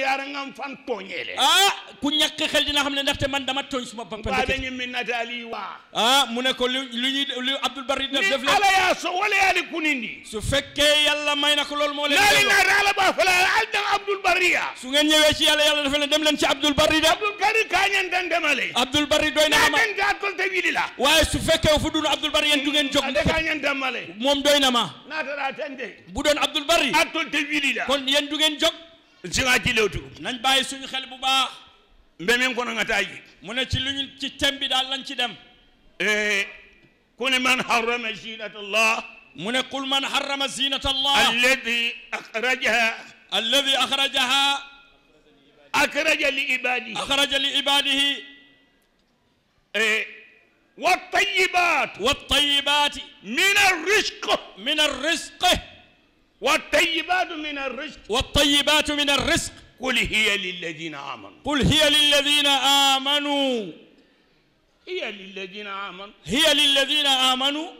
yaara ngam fan tooñeele ah ku ñàkk xel dina xam ne ndaxte man dama tooñ suma bopp baadañu min nataali waa ah mu ne ko lu lu ñuy lu Abdul Bari def def ala yaa so wala yaali kunindi su fekkee yàlla may na ko loolu moo leen laali naata ala ba fala al dan Abdul Bari ya su ngeen ñëwee ci yàlla yàlla dafa leen dem leen ci Abdul Bari da Abdul Bari kaañan tan demale Abdul Bari doy na ma den daat tol te wili la waaye su fekkee fu dunu Abdul Bari yéen du ngeen jóg kaañan demale moom doy na ma naata raa tan de bu doon Abdul Bari at tol te wili la kon yéen du ngeen jóg jinga ci lewtu nañ bàyyi suñu xel bu baax mbémin ko nga taay mu ne ci luñu ci tem bi daal lañ ci dem ku ne man harrama zinata allah mu ne qul man harrama zinata allah alladi akhrajaha alladi akhrajaha akhraja li ibadihi akhraja li ibadihi والطيبات والطيبات من الرزق من الرزق والطيبات من الرزق والطيبات من الرزق قل هي للذين آمنوا قل هي للذين آمنوا هي للذين آمنوا هي للذين آمنوا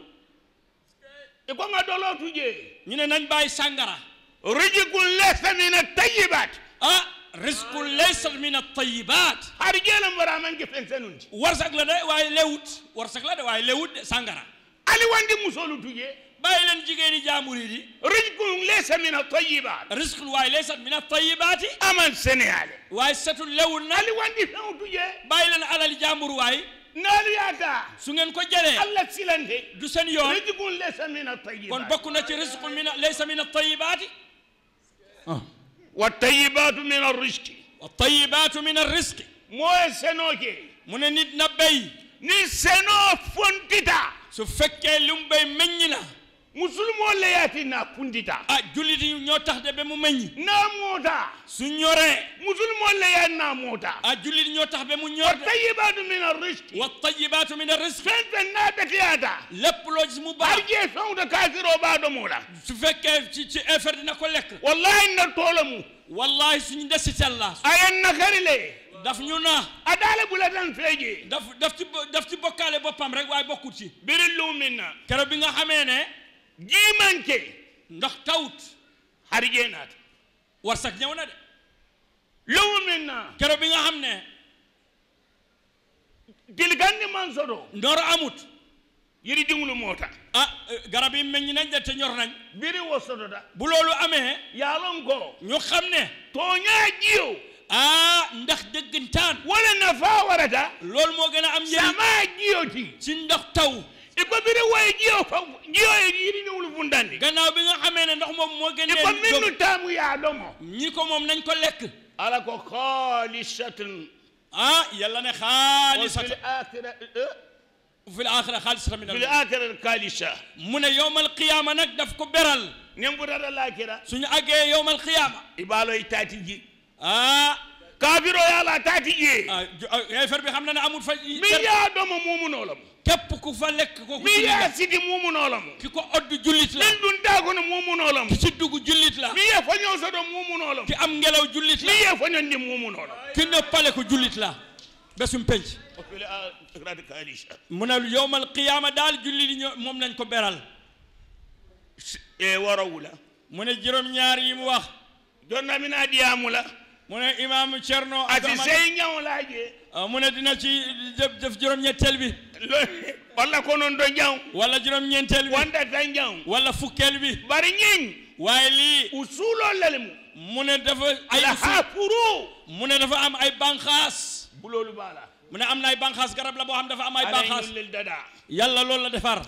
يكون دولار تجي نينا نباي سانغرا رزق ليس من الطيبات أه رزق ليس من الطيبات هرجال مرا من جفن سنونج لا لدا واي لوت ورزق لدا واي لوت سانغرا علي وندي مسولو تجي bàyyi leen jigéen yi jaambur yi di rizqun laysa min at-tayyibaat rizqun waaye laysa min at-tayyibaat amal seneyaale waaye setul lewul na ali wandi feŋ tujee bàyyi leen alali jaambur waaye naalu yaataa su ngeen ko jëlee allah silante du seen yoon rizqun laysa min at-tayyibaat kon bokk na ci rizqun min laysa min at-tayyibaat ah. wa tayyibaatu min ar-rizqi wa tayyibaatu min ar-rizqi mooy senoo ke mu ne nit na béy ni senoo fontita su fekkee lu mu béy meññ na musulmoo le yaati naa kundita a juliti ñoo tax de be mu meññ naa muuta su ñoree musulmoo le yaa naa muuta a juliti ñoo tax be mu ñor de tayibaatu min arrisqi wa tayibaatu min arrisqi fen fen naa dakiyaata lépp loo gis mu baax arjee feŋuta kaasiroo baa domoo la su fekkee ci ci effort dina ko lekk wallahi na toola mu wallahi suñu desi càlla ayen na kari le daf ñu na adaale bu la tan feeje daf daf ci daf ci bokkaale boppam rek waaye bokkut ci biri lu min na kero bi nga xamee ne jii manke ndox tawut xari jee naat war sax ñëw na de loolu maintenant keroog bi nga xam ne dilgandi man soto ndoor amut yëri dingulu moo tax ah garab yi meññ nañ de te ñor nañ biri wo soto da bu loolu amee yaalon ko ñu xam ne tooñaa jiyow ah ndax dëggantaan wala na faa warata loolu moo gën a am yéen sama jiyoti ci ndox taw iko bire way jiyo fa jiyo yiri ni wul fundandi gannaaw bi nga xamee ne ndox moom moo gën iko minnu taamu yaa domo ñi ko moom nañ ko lekk ala ko xaalisatun ah yàlla ne xaalisatun في الآخرة خالصة من في الآخرة الكالشة من يوم القيامة نقدف كبرل نمبر الله كرا سنعجي يوم القيامة إبالو يتاتي آه كافر يا لا تاتي يا فر بخمنا نعمل فل ميا دم مومن علم كيف كوفا لك كوفا ميا سيدي مومن علم كيكو أرض جلتش لا لندن تاعكون مومن علم سيدو جلتش لا ميا فني أصدر مومن علم كي أم جلا جلتش لا ميا فني أني مومن علم كنا بالك جلتش لا بس يمحج من اليوم القيامة دال جلتش مومن كبرال إيه وراولا من الجرم ياري موخ دونا من أديامولا mune imam cherno ati sey ñaw laaje mune dina ci jëf jëf juróom ñettel bi wala ko non do ñaw wala juróom ñentel bi wanda ta ñaw wala fukkel bi bari ñing waye li usulo lelmu mune dafa ay hafuru mune dafa am ay bankhas bu lolu bala mune am na ay bankhas garab la bo xam dafa am ay banxas yalla lolu la defar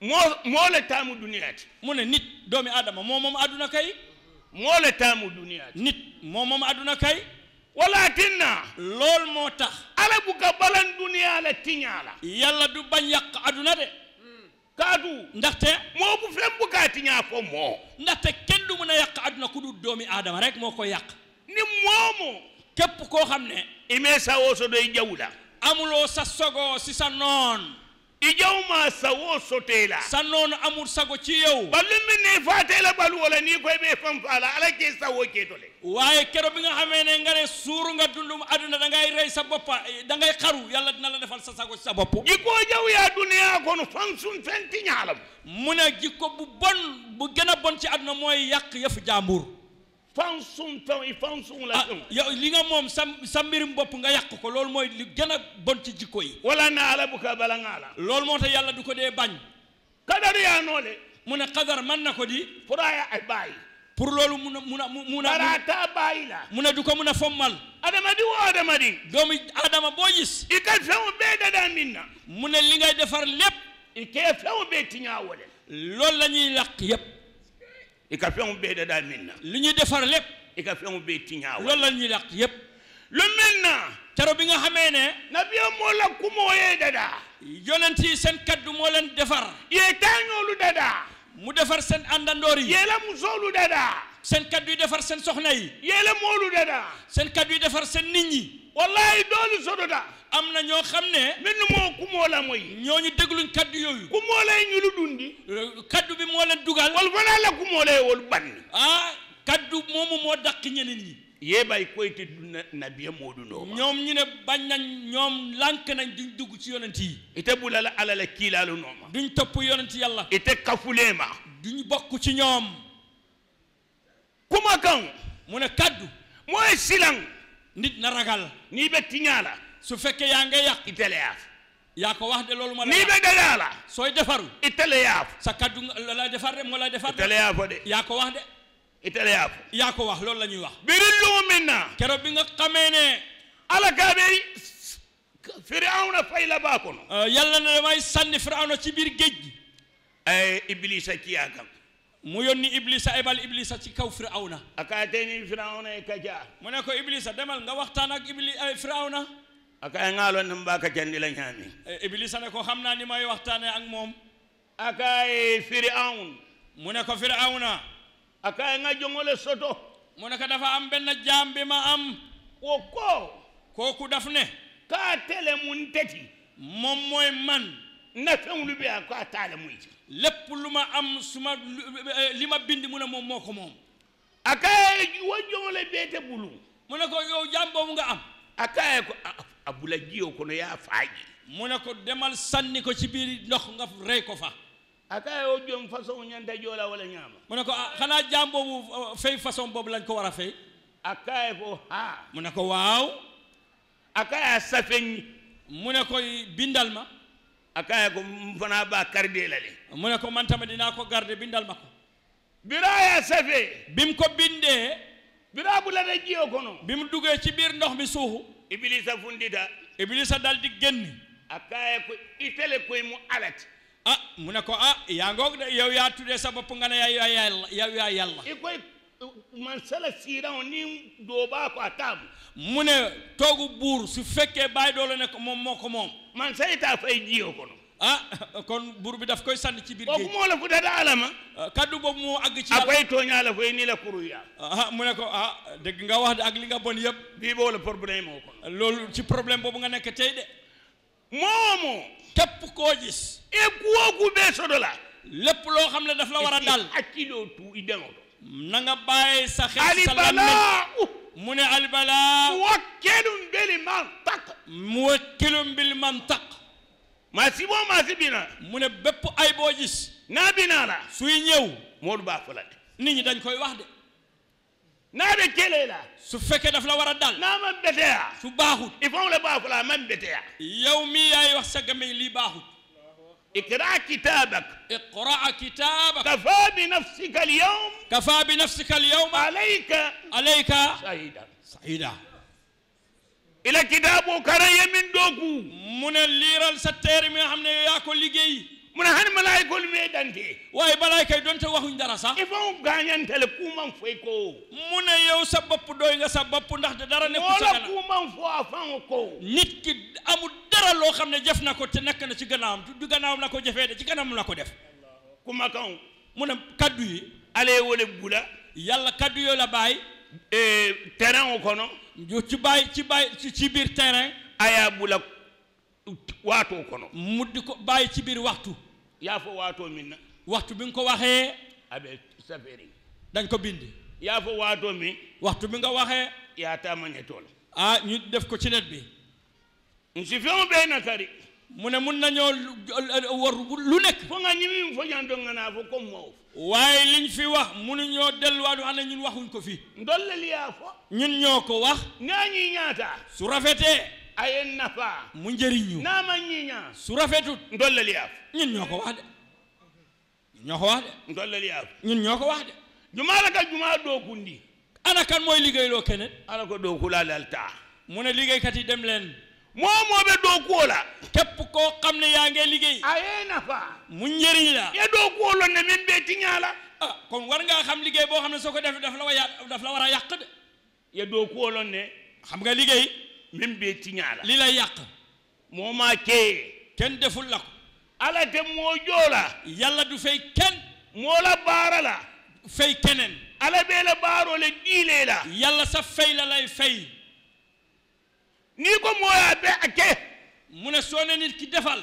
mo mo la tamu duniyat mune nit domi adama mo mom aduna kay moo le taamu duniyaa nit moo moom aduna kay walaatin na lool moo tax ala bu ka balan duniyaa la tiñaa la yàlla du bañ yàq aduna de kaatu ndaxte moo bu fen bu kaa tiñaa fo moo ndaxte kenn du mën a yàq aduna ku du doomi aadama rek moo ko yàq ni moomu képp koo xam ne imee sa wooso doy jaww la amuloo sa sogoo si sa noon Ijau ma sawo sote la. amur sago ci yow. balu mi ne fa wala ni koy be fam fa la ala ke sawo ke dole. waaye kero bi nga xamee ne nga ne suur nga dund aduna da ngay rey sa bopp eh, da ngay xaru yàlla dina la defal sa sago ci sa bopp. ji ko jaw yaa dunia ya kon fan sun fen ti ñaalam. mu bu bon bu gën bon ci aduna mooy yàq yëf jaamur. fansuntaw i fansun la tew yow li nga moom sa sa mbirum bopp nga yàq ko loolu mooy li gën a bon ci jikko yi wala na ala bu ka bala nga la loolu moo tax yàlla du ko dee bañ kadar yaa noole mu ne kadar man na ko di furaaya ay bàyyi pour loolu mun a mun a mun a baraata bàyyi la mu ne du ko mun a fommal adamadi wo adamadi doomu adama boo gis i ka fewu bee dadaa min na mu ne li ngay defar lépp i kee fewu bee tiñaa wole loolu la ñuy làq yépp ika fɛnw bɛɛ dada min na li ñuy defar lépp ika fɛnw bɛɛ tiɲa wa loolu la ñuy yàq yépp lu mel na caro bi nga xamee ne nabiya moo la kumoo yee dada yonent yi seen kaddu moo leen defar yee taañoolu dada mu defar seen àndandoor yi yee la musoolu dada seen kaddu yi defar seen soxna yi yele mooludeɗa seen kaddu yi defar seen nit ñi wallahi doolu sododa am na ñoo xam ne min moo ku moo la moy ñooñu dégluñ kaddu yooyu ku moo lay ñu lu dundi kaddu bi moo leen dugal wol fana la ku moo lay wol banni ah kaddu moomu moo dàq ñeneen ñi yeebay koyte du nabiya moodunoo ñoom ñu ne bañ nañ ñoom lànk nañ duñ dugg ci yonent yi ite bulala alala kiilaalu nooma duñ topp yonent yàlla ite kafuleema lee bokk ci ñoom kumakan mu ne kaddu mooy silan nit na ragal nii be tiñaa la su fekkee yaa nga yàq iteleyaaf yaa ko wax de loolu ma la sooy defaru iteleyaaf sa kaddu defar de moo la defar de yaa ko wax de iteleyaafo wax loolu la ñuy wax biri lumu min na keroog bi nga xamee ala kaa be firawna fay la baa kono yàlla ne damay sànni firawna ci biir géej gi iblisa ci yaagam mu yónni Iblisa ebal Iblisa ci kaw Firawna. akaateni Firawna e kaja. mu ne ko Iblisa demal nga waxtaan ak Ibli eh, Firawna. akaay e ngaaloon na mu baa kacandi la ñaami. Eh, Iblisa ne ko xam naa ni may waxtaanee ak moom. akaay e Firawn. mu ne ko Firawna. akaay e nga jongole soto. mu ko dafa am benn jaam ma am. wo kooku daf ne. kaa tele mun teti. moom mooy man. na fɛnwulu bɛ yan ko a t'a la mun lépp lu ma am su ma li ma bind mu ne moom moo ko moom. a ka wa jɔn la bulu. mu ne ko yow jaam boobu nga am. a ka ko a bula ji o kɔnɔ y'a fa ji. mu ne ko demal sanni ko ci biir ndox nga rey ko fa. a ka o jom façon ɲanta joola la wala ñaama mu ne ko ah, xanaa jaam boobu ah, fay façon boobu lañ ko war a fay. a ka ko ha. mu ne ko waaw. a ka safe mu ne koy bindal ma akaya ko fana ba karde lale mune ko manta medina ko garde bindal makko biraya safe bim ko binde bira bulata jiyo kono bim duge ci bir ndokh mi suhu iblisa fundita iblisa daldi genni akaya ko itele ko mu alati ah mona ko ah ya ngoog de yow ya tude sa bop ngana ya ya yalla yow yaa yàlla koy man sala siiraŋo niŋ doobaa ko a taamu mu ne toogu buur su fekkee bàyyi doolu ne ko moom moo ko moom man sa itaa fay jiyoo kono ah kon buur bi daf koy sànni ci biir géej moo la fu dada ah, kaddu boobu moo àgg ci a koy tooñaa la foy nii ah, mu ne ko ah dégg nga wax de ak li nga bon yëpp bii boo la problème oo kono loolu ci problème boobu nga nekk tey de moomoo képp koo gis e kuwoo ku bee sodo la lépp loo xam ne daf la war a dal acciloo tu i deŋo من البلاء موكل بالمنطق موكل بالمنطق ما سيبو ما سيبنا من بيب اي بو جيس نابينا لا سوي نيو مول با فلات نيني دنج كوي واخ دي نابي كيلي لا سو فكه دا فلا ورا دال نام بيتيا سو باخوت يفون لا با فلا مام بيتيا يومي اي واخ سغامي لي باخوت اقرأ كتابك اقرأ كتابك كفى بنفسك اليوم كفى بنفسك اليوم عليك عليك شهيدا شهيدا إلى كتابه كريم من دوكو من الليرة الستير من همنا ياكل لجي muna hani malaikol me dante way malaika donte waxuñ dara sax il faut gañantale kuman foy ko muna yow sa bopp doy nga sa bopp ndax dara nekku sa kanam wala kuman fo afan ko nit ki amul dara loo xam ne jëf na ko te nekk na ci gannaawam du gannaawam la ko jëfee de ci gannaawam la ko def ku mu ne kaddu yi alee bula yàlla kaddu yoo la bàyyi e, terrain o kono ci biir terrain ayaa bula waatoo ko bàyyi ci biir waxtu yaa fo waatoo min waxtu bi nga ko waxee abe safari dañ ko bindi yaa fo waatoo waxtu bi nga waxee yaa taamañetoo la ah ñu def ko ci net bi nsifiŋo bee nakari mu ne mun nañoo war lu nekk fo nga ñimi fo ñanto nga naa fo comme moof waaye liñ fi wax munuñoo delluwaatu xam ne ñun waxuñ ko fi ndolle li yaa ñun ñoo ko wax ngaa ñi ñaata su rafetee aye nafa mu njëriñ ñu naa ma ñi ñaa su rafetut ndolle li yaa fo ñun ñoo ko wax de ñun ñoo ko wax de ndolle li ñoo ko wax de jumaa la ka jumaa dookundi ana kan mooy liggéeyloo keneen ana ko dookulaal al taa mu ne liggéeykat yi dem leen moo moo be doo kuwo la képp koo xam ne yaa ngi liggéey a yee nafa mu njëriñ la ye doo kuwo la ne min bee tiñaa la ah kon war ngaa xam liggéey boo xam ne soo ko def daf la wa daf la war a yàq de ye doo kuwo la ne xam nga liggéey min bee tiñaa la li la yàq moo maa kee kenn deful la ko ala te moo joo la yàlla du fay kenn moo la baara la fay keneen ala bee la baaroo le diilee la yàlla sa fay la lay fay نيكو مو ابي اكي مونا سونا نيت كي ديفال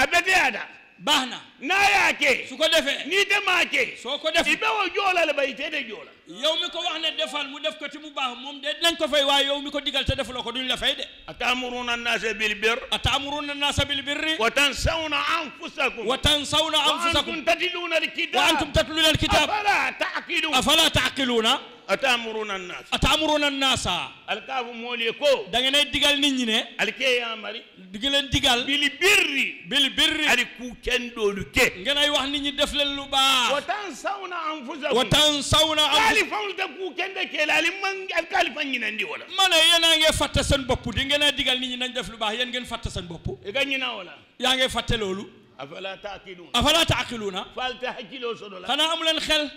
ابي ديادا باهنا نايا اكي سوكو ديف ني ديما اكي سوكو ديف يبيو جولا لا باي تيدي جولا يومي كو واخنا ديفال مو ديف كو مو باه موم دي نانكو فاي وا يومي كو ديغال تا ديف لوكو دون لا فاي دي اتامرون الناس بالبر اتامرون الناس بالبر وتنسون انفسكم وتنسون انفسكم وانتم تتلون الكتاب وانتم تتلون الكتاب افلا تعقلون افلا تعقلون atamuruna an-nas atamuruna an-nas alkafu moli ko da ngeen digal nit ñi ne alke ya mari digalen digal bil birri bil birri ari ku ken dolu ke ngeen ay wax nit ñi def leen lu baax wa tansawna anfusakum wa tansawna anfusakum da ku ken de ke lalim man alkalifa ñi nandi wala man yena ngeen fatte sen bop di ngeen digal nit ñi nañ def lu baax yeen ngeen fatte sen bop e gañi na wala yaa ngeen fatte loolu afala taqiluna afala taqiluna fal tahkilo sodola xana amulen xel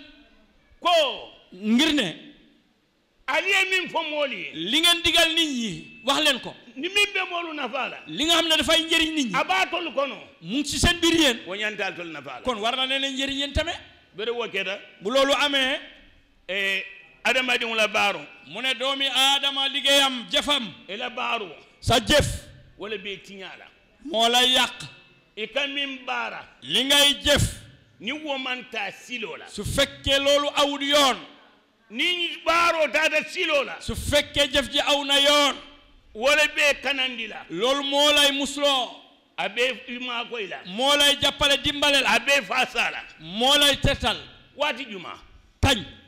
ko ngir ne mooli li ngeen digal nit ñi wax leen ko ni min be moolu nafaa la li nga xam ne dafay njëriñ nit ñi a baa kono mu ngi si seen biir yéen woñantaal tol nafaa la kon war na leen njëriñ yéen tamit bere wo keta bu loolu amee e adamadiŋo la baaro mu ne doomi aadama liggéeyam jëfam i e la baaro sa jëf wala bee tiñaa la moo lay yàq i e ka min baara li ngay jëf ni womantaa siloo la su fekkee loolu awut yoon ni baaroo taata siloo la su fekkee jëf ji aw na yoon wala bee kanandi la loolu moo lay musloo a bee maakoy la moo lay jàppale dimbale la a bee faasa la moo lay tetal waati juma kañ